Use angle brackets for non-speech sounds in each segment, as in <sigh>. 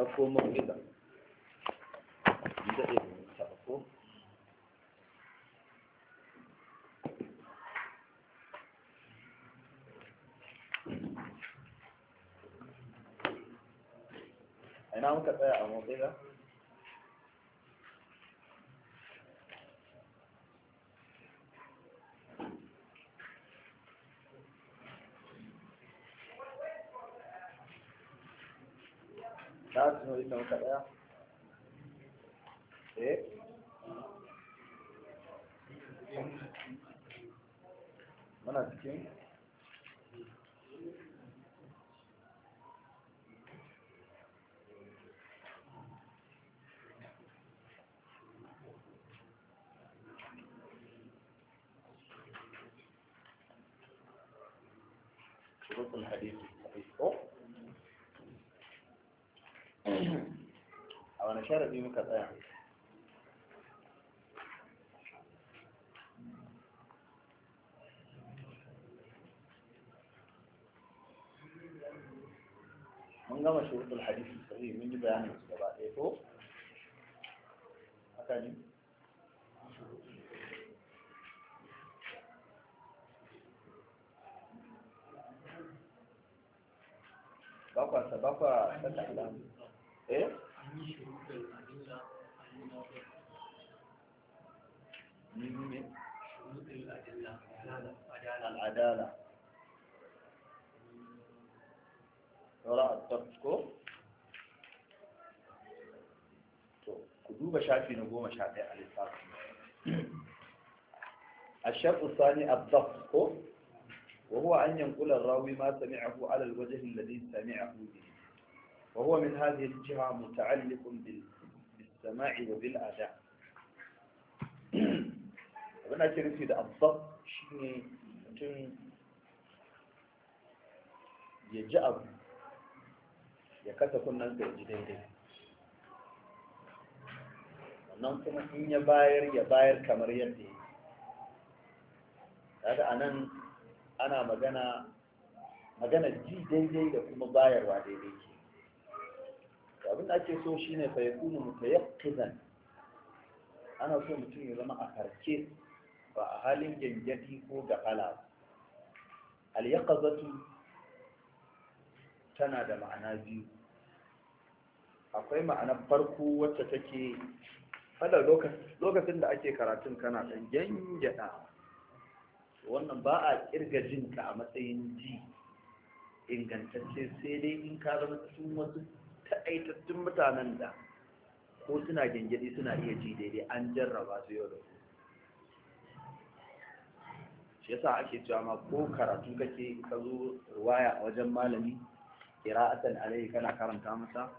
ɗauko mun gida ina muka tsaya a motsi ta su nori na wata ɗaya eh muna cikin شروط الحديث الصحيح wani sharaɗi muka tsaya mun gama shuruɗul hadisi sai mun yi bayanin su gaba ɗaya ko haka ne bakwa sa bakwa ta alamu eh من شروط الأدلة من شروط الأدلة عدالة العدالة وراء الضبط ku duba shafi na goma الصلاة ɗaya الشرط الثاني الضبط وهو أن ينقل الراوي ما سمعه على الوجه الذي سمعه به وهو من هذه الجهة متعلق بالسماع وبالأداء أبنى كريم في الضب شيني متن يجأب يكتكون ننسى الجديد ننسى إن يباير يباير كمريد هذا أنا أنا مجانا مجانا جي دي دي لكم باير وعدي da ake so ne fa yakunu mutayaqqizan ana so mutum ya zama a karke ba a halin gyangyaɗi ko da ala, al-yaqazatu tana da ma'ana biyu akwai ma'anar farko wacce take fada lokacin da ake karatun kana ɗan gyangyaɗa wannan ba a ƙirga jinka a matsayin ji ingantacce sai dai in ka zama cikin wasu taƙaitattun mutanen da ko suna gengedi suna iya ji daidai an jarraba su yau da ku shi yasa ake cewa ma ko karatu kake ka zo ruwaya a wajen malami qira'atan alayhi kana karanta masa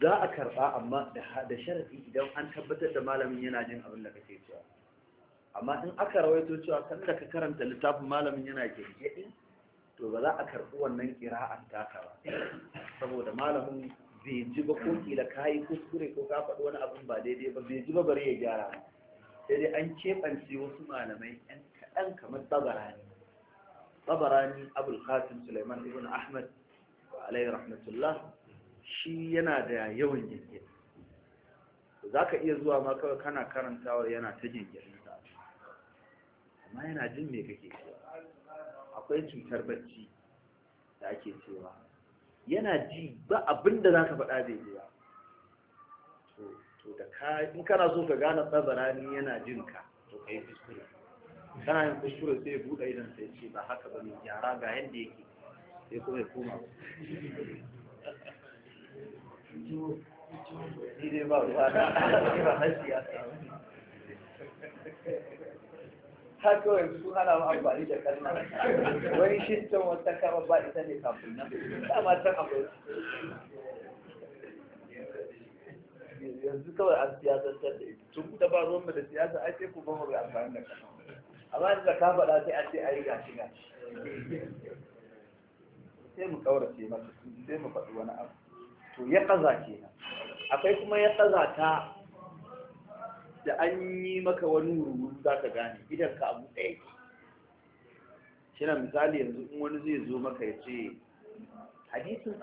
za a karɓa amma da sharadi idan an tabbatar da malamin yana jin abin da kake cewa amma in aka rawaito cewa kan da ka karanta littafin malamin yana gengedi ba za a karɓi wannan kira'an taka ba saboda malamin bai ji ba ko kila ka yi kuskure ko ka faɗi wani abin ba daidai ba bai ji ba bari ya gyara ba sai dai an keɓance wasu malamai 'yan kaɗan kamar tsabarani tsabarani abul qasim sulaiman ibn ahmad wa alayhi rahmatullah shi yana da yawan gingiri za ka iya zuwa ma kawai kana karantawa yana ta gingirinsa amma yana jin me kake cewa akwai cutar bacci da ake cewa yana ji ba abin da za ka faɗa zai yi ba to da ka in kana so ka gane tsabarani yana jin ka to ka yi kuskure kana yin kuskure sai buɗe idan sai ce ba haka ba ne. Yara ga yadda yake sai kuma ya koma ba. ni dai ba ruwa na <laughs> ba har siyasa ta kawai sun hana mu amfani da kalma wani shintan wata kama ba ita ne kafin nan dama ta akwai yanzu kawai an siyasantar da ita tun da ba ruwanmu da siyasa ai sai ku ba mu amfani da kalma amma da ka faɗa sai an ce ai gashi gashi sai mu kaurace masa sai mu faɗi wani abu to ya kaza kenan akwai kuma ya kaza ta da an yi maka wani rubutu za ka gane idan ka abu ɗaya ke shi na misali yanzu in wani zai zo maka ya ce hadisin